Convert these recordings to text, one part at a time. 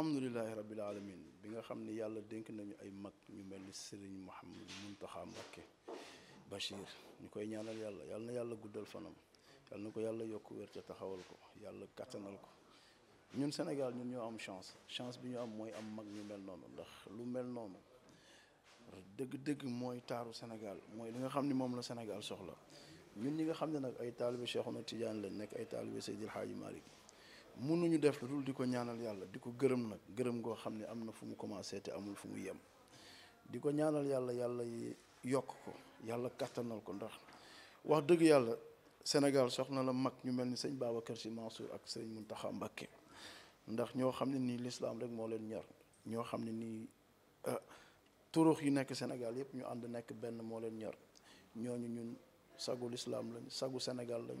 الحمد لله رب العالمين بيغا خامني يالا دينك نانيو اي ماك ني مل سيرن محمد منتخا مكه بشير نكوي نيانال يالا يالنا يالا غودال فنام يالنا كو يالا يوك ويرتا تخاول كو يالا كاتانال كو نيون سينيغال نيون نيو ام شانس شانس بي نيو ام موي ام ماك ني مل نونو داخ لو مل نونو دغ دغ موي تارو سينيغال موي ليغا خامني موم لا سينيغال سوخلا نيون نيغا خامني نك اي طالب شيخنا تيجان لا نك اي طالب سيدي الحاج مالك mun mënuñu def dul di ko ñaanal yàlla di ko gërëm nag gërëm goo xam ne am na fu mu commencé te amul fu mu yem di ko ñaanal yàlla yàlla yokk ko yàlla kattanal ko ndax wax dëgg yàlla Sénégal soxna la mag ñu mel ni sëñ Babacar Sy Mansour ak sëñ Mountakha Mbacké ndax ñoo xam ne nii lislaam rek moo leen ñor ñoo xam ne nii ah, turux yi nekk Sénégal yëpp ñu ànd nekk benn moo leen ñor ñooñu ñun sagu lislaam lañ sagu Sénégal lañ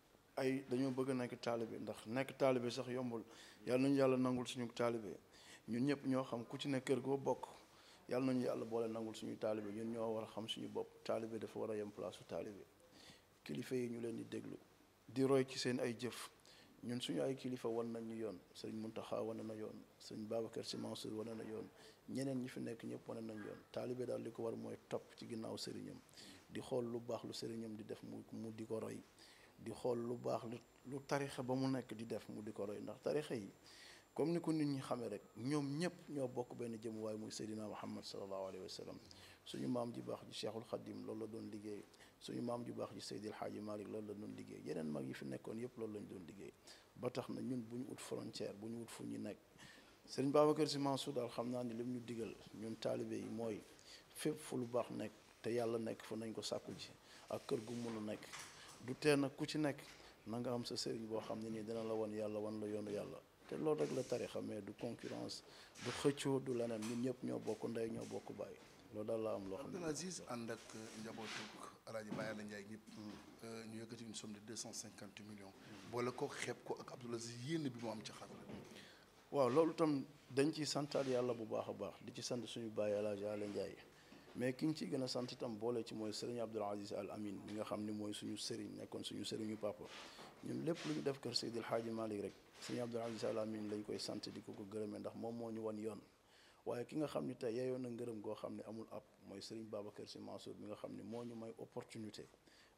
ay dañoo bëgg nekk taalibe ndax nekk taalibe sax yombul yàlla nañu yàlla nangul suñu taalibe ñun ñëpp ñoo xam ku ci ne kër goo bokk yàlla nañu yàlla boole nangul suñu taalibe ñun ñoo war a xam suñu bopp taalibe dafa war a yem place su taalibe kilifa yi ñu leen di déglu di roy ci seen ay jëf ñun suñu ay kilifa wan nañu yoon sëñ Muntaxa wane na yoon sëñ Babacar Sy Mansour wane na yoon ñeneen ñi fi nekk ñëpp wane nañ yoon taalibe daal li ko war mooy topp ci ginnaaw sëriñam di xool lu baax lu sëriñam di def mu mu di ko roy di xool lu baax lu lu tarixa ba mu nekk di def mu di ko roy ndax tarixa yi comme ni ko nit ñi xamee rek ñoom ñëpp ñoo bokk benn jëmuwaay muy Seydina Muhammad sallallahu alayhi wa sallam suñu maam ji baax ji Cheikhul Khadim loolu la doon liggéey suñu maam ji baax ji Seydil Haaji Malik loolu la doon liggéey yeneen mag yi fi nekkoon yëpp loolu lañ doon liggéey ba tax na ñun bu ñu ut frontière bu ñu ut fu ñu nekk Serigne Babacar Sy su daal xam naa ni lim ñu digal ñun taalibe yi mooy fépp fu lu baax nek te yàlla nekk fa nañ ko sàkku ji ak kër gu mënu nekk du tee ku ci nek nga am sa sëriñ bo xamni ni nii dina la won yalla won la yoonu yalla té lool rek la tarixa mais du concurrence du xëccu du leneen ñun ñëpp ñoo bokk nday ñoo bokk bàyyi lool da la am loo xam ne Abdoul Aziz ànd ak njabootu alaaji Baye la Ndiaye ñepp euh, ñu yëkëti une somme de 250 millions bo millions ko xép ko ak Abdoul Aziz yénn bi mu am ci xarala waaw loolu tam dañ ci santaat yàlla bu baax a baax di ci sant suñu Baye alaaji Alla Ndiaye mais ki ñu ci gën a sant itam boole ci mooy sëriñ Abdoul Aziz Al Amin mi nga xam ni mooy suñu sëriñ nekkoon suñu sëriñu papa ñun lépp lu ñu def kër Seydil Hadji Malick rek sëriñ Abdoul Aziz Al Amin lañ koy sant di ko ko gërëmee ndax moom moo ñu wan yoon waaye ki nga xam ni tey yeyoon na ngërëm goo xam ne amul ab mooy sëriñ Babacar Sy Mansour mi nga xam ne moo ñu may opportunité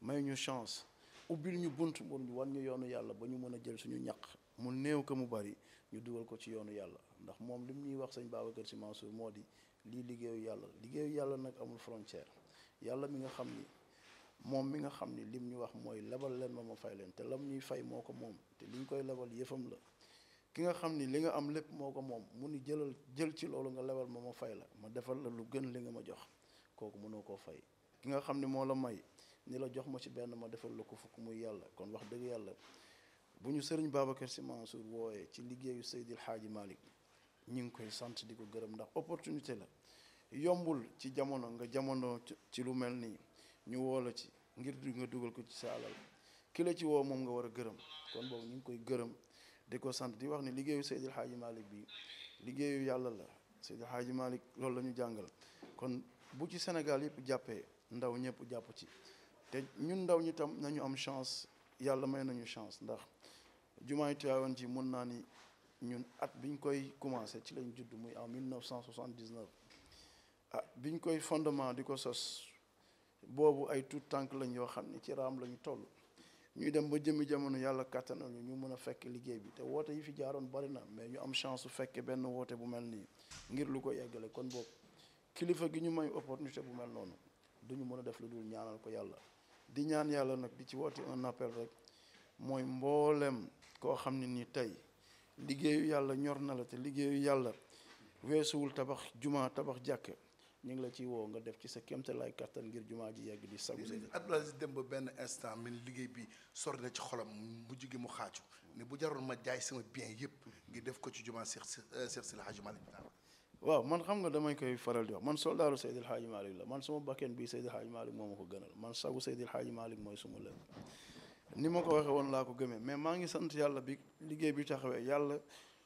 may ñu chance ubbil ñu bunt moom ñu wan ñu yoonu yàlla ba ñu mën a jël suñu ñaq mu néew ko mu bari ñu dugal ko ci yoonu yàlla ndax moom lim ñuy wax sëñ Babacar Sy Mansour moo di lii liggéeyu yàlla liggéeyu yàlla nag amul frontière yàlla mi nga xam ni moom mi nga xam ni lim ñu wax mooy lebal leen ma ma fay leen te lam ñuy fay moo ko moom te li koy lebal yëfam la ki nga xam ni li nga am lépp moo ko moom mu ni jëlal jël ci loolu nga lebal ma ma fay la ma defal la lu gën li nga ma jox kooku mënoo koo fay ki nga xam ni moo la may ni la jox ma ci benn ma defal la ko fukk muy yàlla kon wax dëgg yàlla bu ñu sëriñ Babacar Sy Mansour wooyee ci liggéeyu Seydil xaaji Malick ñi ngi koy sant di ko gërëm ndax opportunité la yombul ci jamono nga jamono ci lu mel nii ñu woo ci ngir nga dugal ko ci sa alal ki la ci woo moom nga war a gërëm kon boobu ñu ngi koy gërëm di ko sant di wax ni liggéeyu Seydil Hadji Malick bi liggéeyu yàlla la Seydil Hadji Malick loolu la ñu jàngal kon bu ci Sénégal yëpp jàppee ndaw ñëpp jàpp ci te ñun ndaw ñi tam nañu am chance yàlla may nañu chance ndax jumaay Tiwaawan ji mën naa ni ñun at biñ koy commencé ci lañ juddu muy en 1979 ah biñ koy fondement di ko sos boobu ay tout tànk lañ yoo xam ne ci raam lañ toll ñuy dem ba jëmmi jamono yàlla kàttanal yu ñu mën a fekk liggéey bi te woote yi fi jaaroon bari na mais ñu am chance su fekkee benn woote bu mel nii ngir lu ko yeggale kon boobu kilifa gi ñu may opportunité bu mel noonu duñu mën a def lu dul ñaanal ko yàlla di ñaan yàlla nag di ci woote un appel mooy mboolem koo xam ne nii tey. liggéeyu yàlla ñor na la te liggéeyu yàlla weesuwul tabax jumaa tabax jàkk ñu ngi la ci woo nga def ci sa kéemtalaay kattan ngir jumaa ji yegg di sagu sa Abdou Aziz dem ba benn instant min liggéey bi sori na ci xolam mu jigi mu xaaju ne bu jaroon ma jaay sama bien yëpp ngir def ko ci jumaa Seex Seex Seydi a Hadji Malick waaw man xam nga damay koy faral di wax man soldaaru Seydi El la man suma bakken bii Seydi El Hadji Malick moo ma ko gënal man sagu Seydi El Hadji mooy suma lépp ni ma ko waxee woon laa ko gëmee mais maa ngi sant yàlla bi liggéey bi taxawee yàlla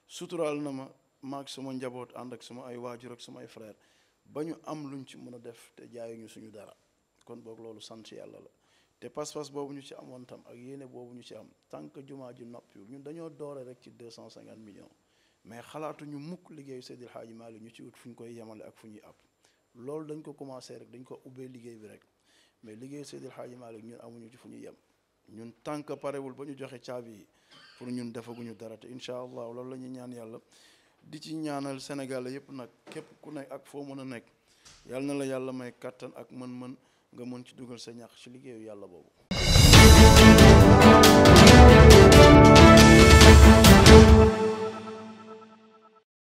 suturaal na ma maak suma njaboot ànd ak suma ay waajur ak sumay ay ba ñu am luñ ci mën a def te jaayuñu suñu dara kon boog loolu sant yàlla la te pas-pas boobu ñu ci amoon tam ak yéene boobu ñu ci am tant que jumaa ji noppiwul ñun dañoo doore rek ci deux cent cinquante millions mais xalaatuñu mukk liggéeyu Seydil Hadji Malick ñu ci wut fu ñu koy yemale ak fu ñuy àpp loolu dañ ko commencé rek dañ ko ubbee liggéey bi rek mais liggéeyu Seydil Hadji Malick ñun amuñu ci fu ñu yem ñun tànk parewul ba ñu joxe caabi yi pour ñun defaguñu dara te incha allah loolu la ñuy ñaan yàlla di ci ñaanal Sénégal yëpp nag képp ku nekk ak foo mën a nekk yàlla na la yàlla may kàttan ak mën-mën nga mën ci dugal sa ñax ci liggéeyu yàlla boobu.